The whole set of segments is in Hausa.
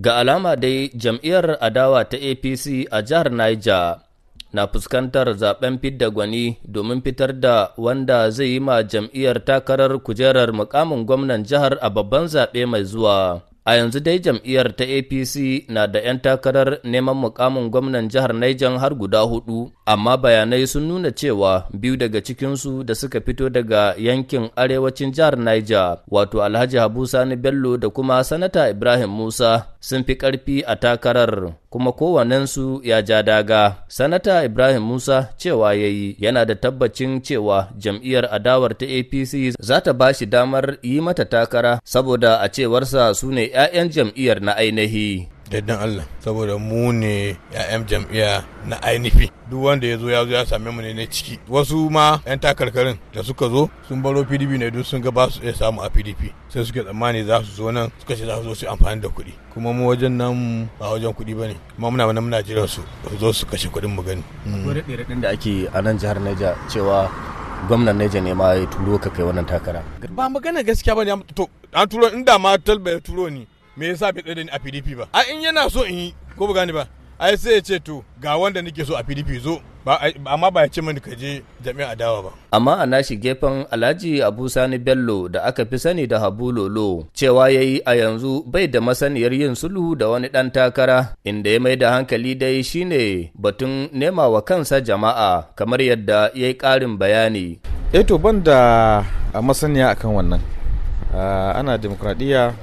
Ga alama dai jam'iyyar adawa ta APC a jihar Niger na fuskantar zaben fidda gwani domin fitar da wanda zai yi ma jam'iyyar takarar kujerar mukamin gwamnan jihar a babban zaɓe mai zuwa. A yanzu dai jam'iyyar ta APC na da 'yan takarar neman mukamin gwamnan jihar Niger har guda hudu, amma bayanai sun nuna cewa biyu daga cikinsu da suka fito daga yankin arewacin jihar Niger, wato Alhaji Habu Sani Bello da kuma Sanata Ibrahim Musa sun fi karfi a takarar kuma kowanensu ya ja daga. Sanata Ibrahim Musa cewa ya yi yana da tabbacin cewa jam'iyyar adawar ta APC za ta ba shi damar yi mata takara saboda a cewarsa su ne 'ya'yan jam'iyyar na ainihi. daidan Allah saboda mu ne ƴaƴan jam'iyya na ainihi duk wanda ya zo ya zo ya same mu ne na ciki wasu ma 'yan takarkarin da suka zo sun baro pdp ne duk sun ga ba su iya samu a pdp sai suke tsammani za su zo nan suka ce za su zo su amfani da kuɗi kuma mu wajen nan ba wajen kuɗi ba ne kuma muna mana muna jiran su zo su kashe kuɗin mu gani. Mm. akwai raɗe da ake a nan jihar neja cewa gwamnan Neja ne ma ya turo ka kai wannan takara. Ba magana gaskiya ba ne to an turo inda ma talba ya turo ni me yasa bai tsaye da ni a PDP ba a in yana so in yi ko ba gani ba ai sai ya ce to ga wanda nake so a PDP zo amma ba ya ce mani ka je jami'a adawa ba. Amma a nashi gefen Alhaji Abu Sani Bello da aka fi sani da Habu Lolo cewa ya yi a yanzu bai da masaniyar yin sulhu da wani dan takara inda ya mai da hankali dai shine batun nema wa kansa jama'a kamar yadda ya yi ƙarin bayani. E to ban da masaniya akan wannan. Ah, ana demokradiyya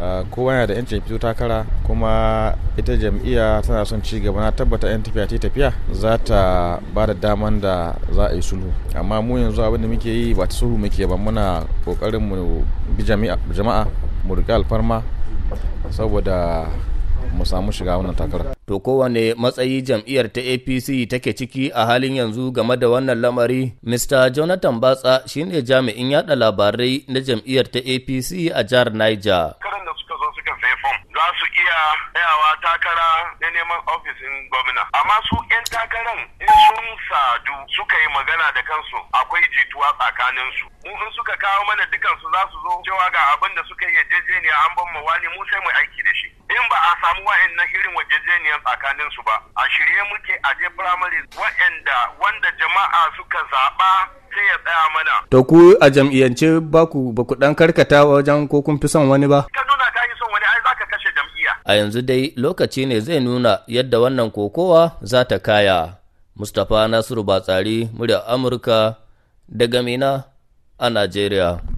Ah, kowa yana da yancin fito takara kuma ita jam'iyya tana son ci gaba na tabbata yan tafiya ta tafiya za ta ba da daman da za a yi sulhu amma mu yanzu abin da muke yi ba ta sulhu muke ba muna kokarin mu bi jama'a mu riƙe alfarma saboda mu samu shiga wannan takara. To kowane matsayi jam'iyyar ta APC take ciki a halin yanzu game da wannan lamari, Mr. Jonathan Batsa shine jami'in yada labarai na jam'iyyar ta APC a jihar Niger. iya yawa takara na neman ofisin gwamna amma su 'yan takaran in sun sadu suka yi magana da kansu akwai jituwa tsakaninsu mu in suka kawo mana dukansu za su zo cewa ga abin da suka yi yarjejeniya an ban mu wani mu sai mu aiki da shi in ba a samu na irin wajejeniyar tsakaninsu ba a shirye muke a je firamare wa'anda wanda jama'a suka zaɓa sai ya tsaya mana to ku a jam'iyyance ba ku ba ku dan karkata wajen ko kun fi son wani ba A yanzu dai lokaci ne zai nuna yadda wannan kokowa za ta kaya. Mustapha Nasiru Batsari, murya Amurka, daga Mina a Najeriya.